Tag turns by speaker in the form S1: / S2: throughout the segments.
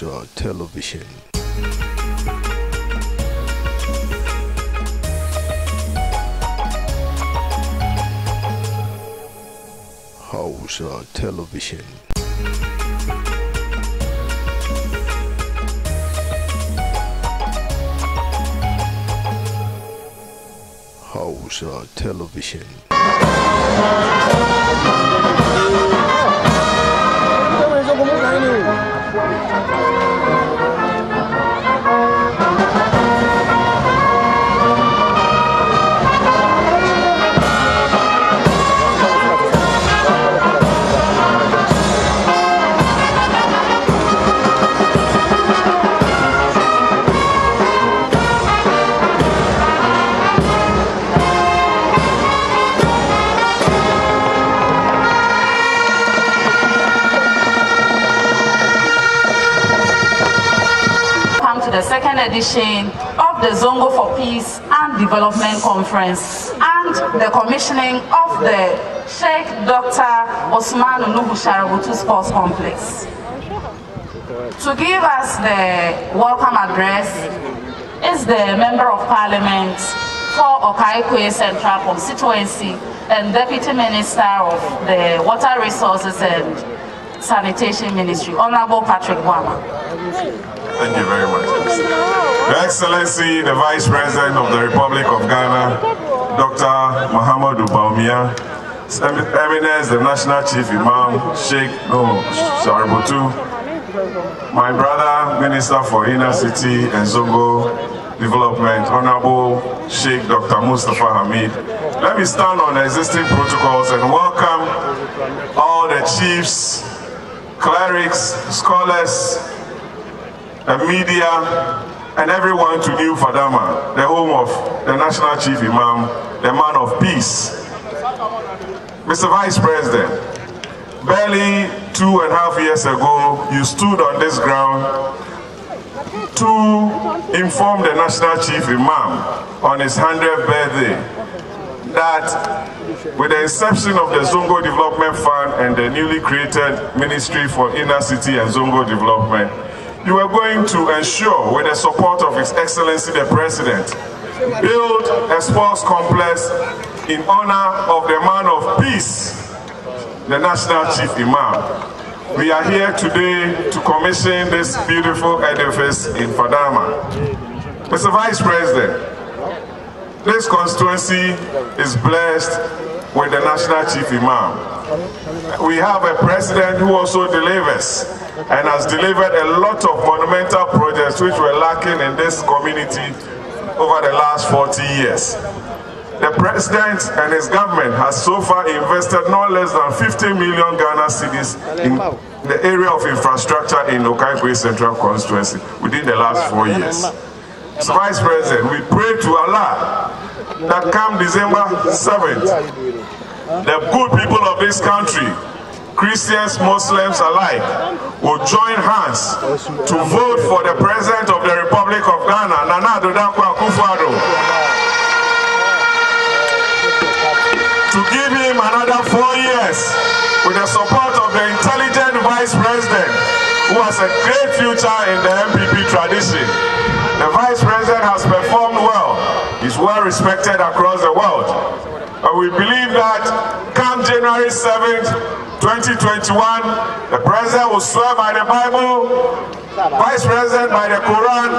S1: Warsaw Television. Warsaw Television. Warsaw Television.
S2: edition of the Zongo for Peace and Development Conference and the commissioning of the Sheikh Dr. Osman Nuhu Sharabutu Sports Complex. To give us the welcome address is the Member of Parliament for Okaikwe Central Constituency and Deputy Minister of the Water Resources and Sanitation Ministry, Honorable Patrick Wama.
S3: Thank you very much. Your Excellency, the Vice President of the Republic of Ghana, Dr. Muhammad Ubaumia, Eminence, the National Chief Imam, Sheikh No Shaributu, my brother, Minister for Inner City and Zongo Development, Honorable Sheikh Dr. Mustafa Hamid. Let me stand on existing protocols and welcome all the chiefs, clerics, scholars, and media, and everyone to New Fadama, the home of the National Chief Imam, the man of peace. Mr. Vice President, barely two and a half years ago, you stood on this ground to inform the National Chief Imam on his 100th birthday that with the inception of the Zongo Development Fund and the newly created Ministry for Inner City and Zongo Development, you are going to ensure, with the support of His Excellency the President, build a sports complex in honor of the man of peace, the National Chief Imam. We are here today to commission this beautiful edifice in Fadama. Mr. Vice President, this constituency is blessed with the national chief imam. We have a president who also delivers and has delivered a lot of monumental projects which were lacking in this community over the last 40 years. The president and his government has so far invested no less than 50 million Ghana cities in the area of infrastructure in Okaikwe Central Constituency within the last four years. So Vice President, we pray to Allah that come December 7th, the good people of this country, Christians, Muslims alike, will join hands to vote for the President of the Republic of Ghana, Nana Adodakwa Akufo-Addo, to give him another four years with the support of the intelligent Vice President, who has a great future in the MPP tradition. The Vice President has performed well is well respected across the world. and we believe that come January 7th, 2021, the president will swear by the Bible, vice president by the Quran,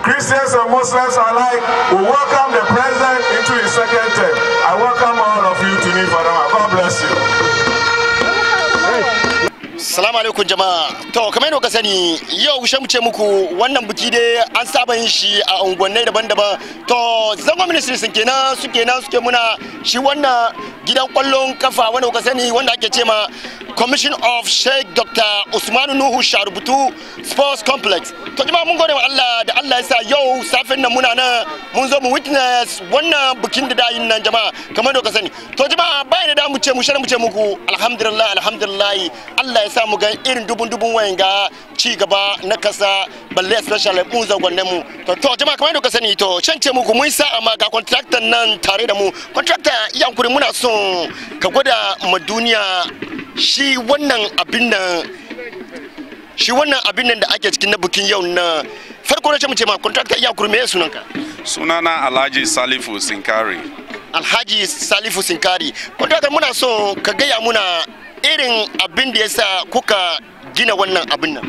S3: Christians and Muslims alike will welcome the president into his second term. I welcome all of you to Nifadama.
S1: Salamu alaikum jama'a. To kamar yadda ka sani yau she mu ce muku wannan biki dai an saba yin shi a unguwanni daban-daban. To zango ministry sun kenan su kenan suke muna shi wannan gidan kwallon kafa wanda kuka sani wanda ake ce ma Commission of Sheikh Dr. Usman Nuhu Sharubutu Sports Complex. To jama'a mun gode wa Allah da Allah ya sa yau safin nan muna nan mun zo mu witness wannan bikin da da nan jama'a kamar yadda ka sani. To jama'a bayan da mu ce mu shirya mu ce muku alhamdulillah alhamdulillah Allah ya sa sa mu gan irin dubun dubun wayan ga ci gaba na kasa balle special mu zagwanne mu to to jama'a kamar yadda ka sani to cance mu ku mun sa amma ga contractor nan tare da mu contractor yankuri muna son ka gwada ma duniya shi wannan abin nan shi wannan abin nan da ake cikin na bukin yau na farko na mu ce ma contractor yankuri me sunanka
S4: sunana Alhaji Salifu Sinkari
S1: Alhaji Salifu Sinkari contractor muna so ka gaya muna irin abin da yasa kuka gina wannan abin nan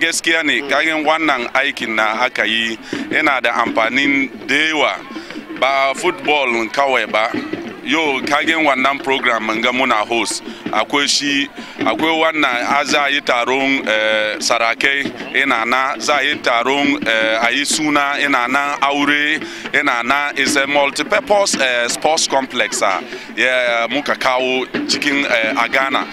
S4: gaskiya ne mm. kayan wannan aikin na aka yi yana da amfanin dewa ba football kawai ba yo kagin wannan program nga muna host akwai shi akwai wannan a za yi taron sarakai eh, ina na za yi taron a yi suna ina na aure ina na is a multi-purpose eh, sports complex ah. ya muka kawo cikin eh, a ghana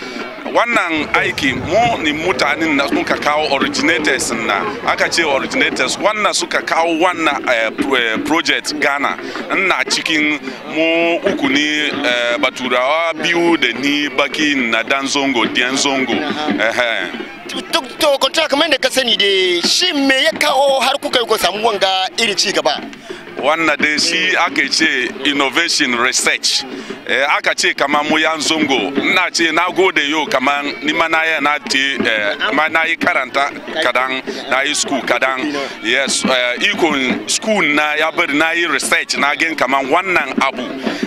S4: wannan aiki mu ni mutanen da suka kawo originators na aka ce originators wannan suka kawo wannan eh, eh, project ghana ina cikin mu uku ne eh, baturawa biyu da ni baki na dan zongo dan zongo
S1: to kwanta kamar da ka sani da shi me ya kawo har kuka yi ko samu wanga iri ci gaba
S4: wannan dai shi aka ce innovation research e, aka ce kamar mu yan zongo n'a ce na gode yau kamar ni mana ya na te ma na yi karanta kadan na yi school kadan yes e, ikon school na ya bari na yi research na gin kamar wannan abu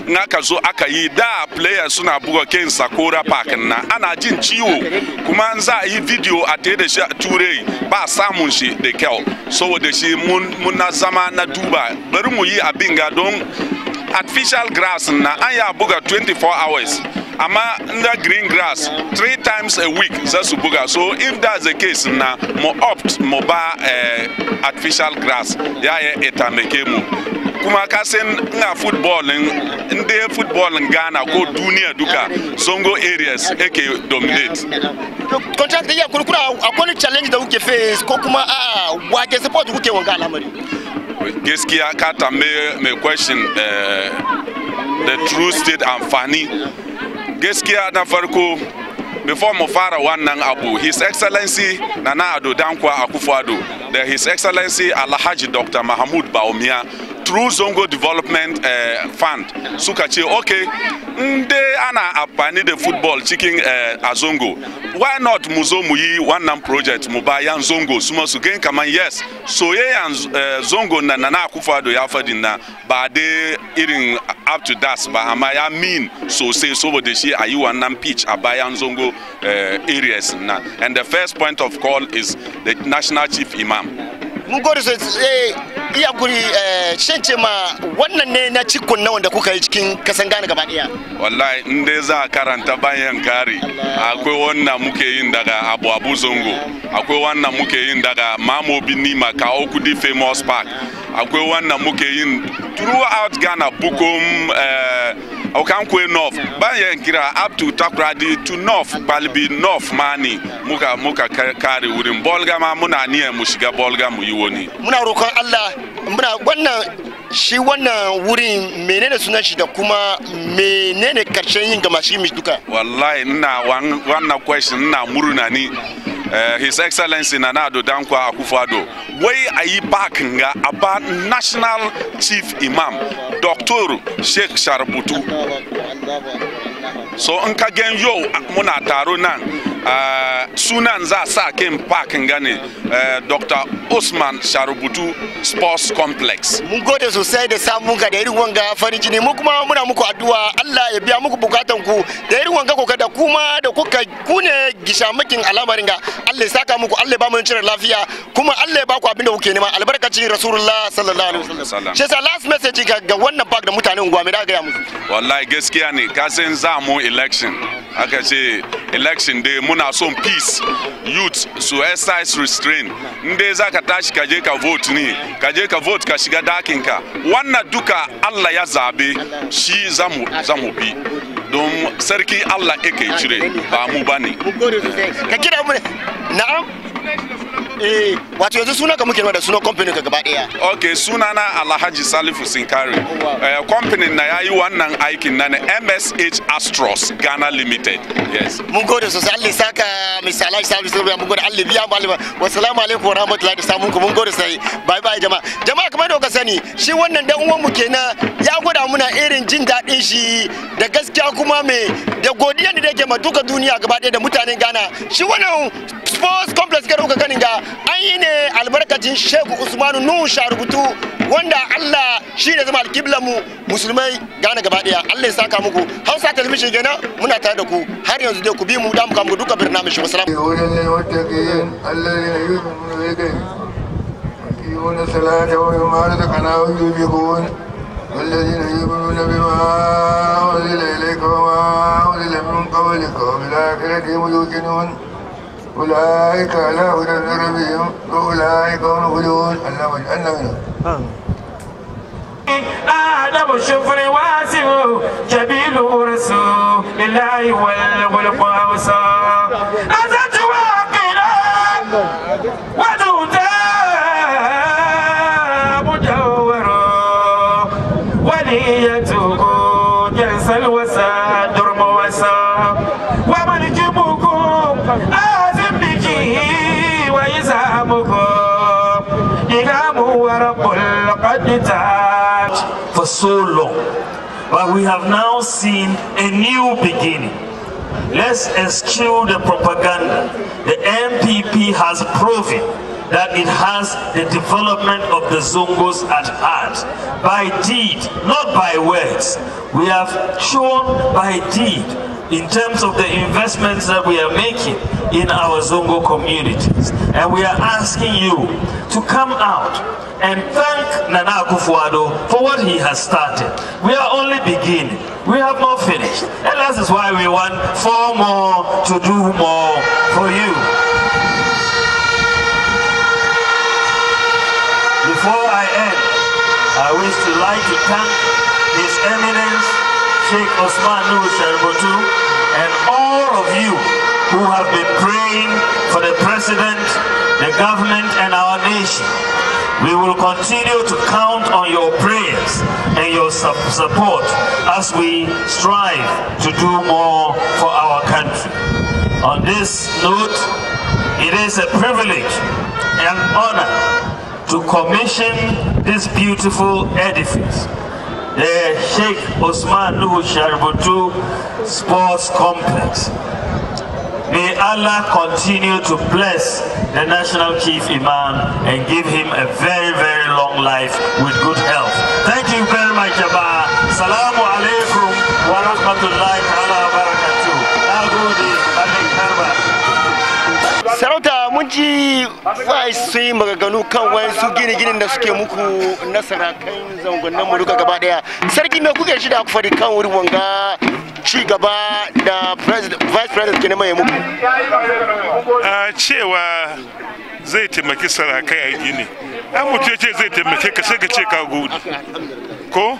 S4: nka ka zo aka yi da player suna buga ken sakora park na ana jin ciwo kuma za a yi video a te da shi turai ba samun shi da kyau saboda shi mun na zama na duba bari mu yi abin ga don artificial grass na an ya buga 24 hours amma nda green grass three times a week za su buga so if that's the case na mu opt mu ba eh, artificial grass ya yi etameke mu kuma ka san ina football ndị football ghana ko duniya duka zongo areas ake dominate
S1: contract da iya kurkura akwai challenge da kuke face ko kuma a ah, wage support kuke wanga al'amari
S4: gaskiya ka tambaye mai question eh, the true state amfani gaskiya na farko before mu fara wannan abu his excellency nana ado dankwa akufo-addo da his excellency alhaji dr mahmud baumia through zongo development eh, fund suka ce ok ndị a na-apani da football cikin eh, a zongo why not muzo muyi one yi wannan project mu ba yan zongo su masu gain kaman yes soyayyan eh, zongo na na akufado ya fadi na ba de irin up to das ba ama ya mean sosai saboda shi a yi wannan pitch a bayan zongo areas na and the first point of call is the national chief imam
S1: mun gode sosai eh, iya guri eh, shan ce ma wannan ne na cikon na wanda kuka yi cikin kasan gane gaba daya
S4: wallahi in dai za a karanta bayan kari akwai wannan muke yin daga abu abu zongo akwai wannan muke yin daga mamo ma ka di famous park akwai wannan muke yin throughout ghana bukom eh, Okamkwe North bayan nkira up to di to North Balbi North Mani muka muka kare wurin bolga ma muna niyan mu shiga bolga mu yi wani
S1: muna rokon Allah muna wannan shi wannan wurin menene sunan shi da kuma menene karshen yin gama shi duka wallahi ina
S4: wannan question ina na ni Uh, his excellency nanado dankwa akufado wai a yi nga ga a national chief imam doctor sheikh sharputu so in ka gan yau muna taro nan Eh, sunan za sa kin park gane eh, dr usman sharubutu sports complex
S1: mun gode sosai da samun ga da irin wanga farin jini mu kuma muna muku addu'a allah ya biya muku bukatan ku da irin wanga ko kada kuma da kuka ku ne makin al'amarin ga allah ya saka muku allah ya ba mu cire lafiya kuma allah ya ba ku abin da kuke nema albarkacin rasulullah sallallahu alaihi wasallam shi last message ga ga wannan park da mutanen unguwa me da ga ya musu
S4: wallahi gaskiya ne kasan za mu election aka ce election dai muna son peace youth su exercise restraint inda za ka tashi ka je ka vote ne ka je ka vote ka shiga dakinka wannan duka allah ya zabe shi zamu bi don sarki allah yake cire ba mu ba ne
S1: Eh, wato yanzu suna ka muke da suna kamfanin ka gaba daya
S4: ok suna na Alhaji Salifu Sinkari oh, eh company na yi wannan aikin na MSH Astros Ghana Limited yes
S1: mun gode sosai Allah saka misalai Alhaji Salifu Sinkari mun gode Allah biya malama wassalamu alaikum wa rahmatullahi da samun ku mun gode sai bye bye jama'a jama'a kamar da ka sani shi wannan dan uwan mu kenan ya gwada muna irin jin daɗin shi da gaskiya kuma me da godiya da yake ma duka duniya gaba daya da mutanen Ghana shi wannan sports complex ka dauka ganin ga an yi ne albarkacin shehu usmanu nuhu rubutu wanda allah shi ne zama alkiblamu musulmai gane gaba daya allah ya saka muku hausa talabishin kenan muna tare da ku har yanzu dai ku bi mu da mu kamu duka birnin mishi wasalam يؤمنون wani wani أولئك على هدى من ربهم وأولئك هم المفلحون اللهم اجعلنا منهم آدم الشفر
S2: واسم جبيل رسول الله والخلق أوسع أزج واقرا for so long but we have now seen a new beginning let's eschew the propaganda the MPP has proven that it has the development of the Zongos at heart. By deed, not by words. We have shown by deed in terms of the investments that we are making in our Zongo communities. And we are asking you to come out and thank Nana Akufuado for what he has started. We are only beginning. We have not finished. And that is why we want four more to do more for you. Before I end, I wish to like to thank His Eminence Sheikh Osman Nur and all of you who have been praying for the president, the government, and our nation. We will continue to count on your prayers and your support as we strive to do more for our country. On this note, it is a privilege and honor to commission this beautiful edifice the Sheikh Osman Nuhu Sports Complex. May Allah continue to bless the National Chief Imam and give him a very, very long life with good health. Thank you very much, Abba. Salam.
S1: mun ji su yi maganganu kan su gine-ginen da suke muku nasara kan zangonnan mu duka gaba daya sarki me kuke shi da ku faɗi kan wurin wanga ci gaba da vice president kenan ya
S3: muku a cewa zai taimaki sarakai a gini an mutu ya ce zai taimake ka sai ka ce ka gode ko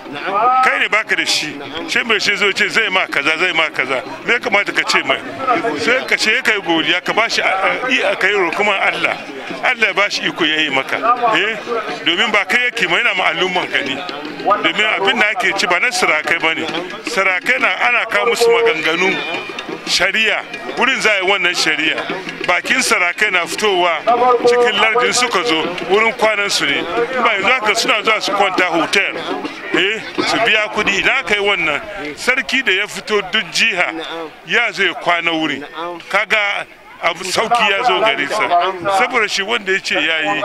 S3: kai ne baka da shi shi mai shi zo ce zai ma kaza zai ma kaza bai kamata ka ce mai sai ka ce kai godiya ka bashi i kai kuma Allah Allah ya bashi iko yayi maka eh domin ba kai yake mai na ma'alluman ka ne domin abin da ake ci ba na sarakai bane sarakai na ana kawo musu maganganu shari'a wurin za yi wannan shari'a bakin sarakai na fitowa cikin lardin suka zo wurin kwanan su ne ba yanzu haka suna zuwa su kwanta hotel eh su biya kudi idan aka yi wannan sarki da ya fito duk jiha ya zo ya kwana wuri kaga abu sauki ya zo gari sa saboda shi wanda ya ce ya yi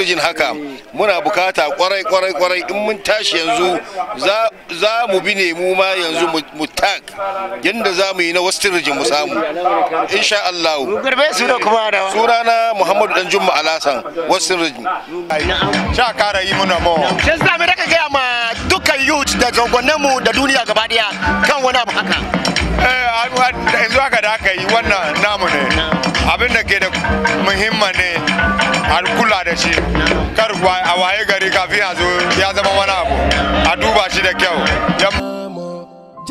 S1: hydrogen haka muna bukata kwarai kwarai kwarai in mun tashi yanzu za mu bi ne mu ma yanzu mu tag yadda za mu yi na wasu tirjin mu samu insha Allah sura na Muhammadu dan Jumma Alasan wasu tirjin sha kara yi muna mo shi za mu daga gaya ma dukkan youth da mu da duniya gaba daya kan wani abu haka eh yanzu haka da aka yi wannan namu ne abin da ke da muhimma
S3: ne a kula da shi kar a waye gari kafin a ya zama
S1: wani abu a duba shi da kyau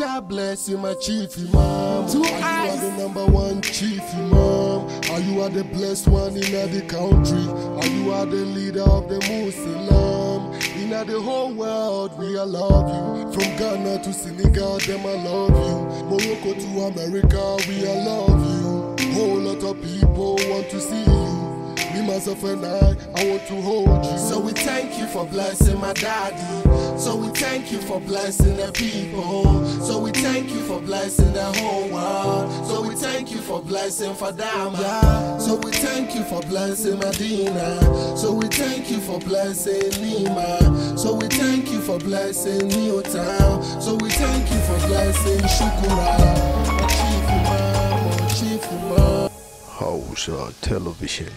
S1: God bless you, my chiefy mom. Two eyes. are the number one chiefy mom. Are you are the blessed one in the country. Are you are the leader of the Muslim. In the whole world, we all love you. From Ghana to Senegal, them I love you. Morocco to America, we all love you. Whole lot of people want to see you. Me, myself, and I, I want to hold you. So we thank you for blessing my daddy. So we thank you for blessing the people. So we thank you for blessing the whole world. So we thank you for blessing Fadama. So we thank you for blessing Medina. So we thank you for blessing Lima. So we thank you for blessing Newtown. So we thank you for blessing Shukura. Hoes on television.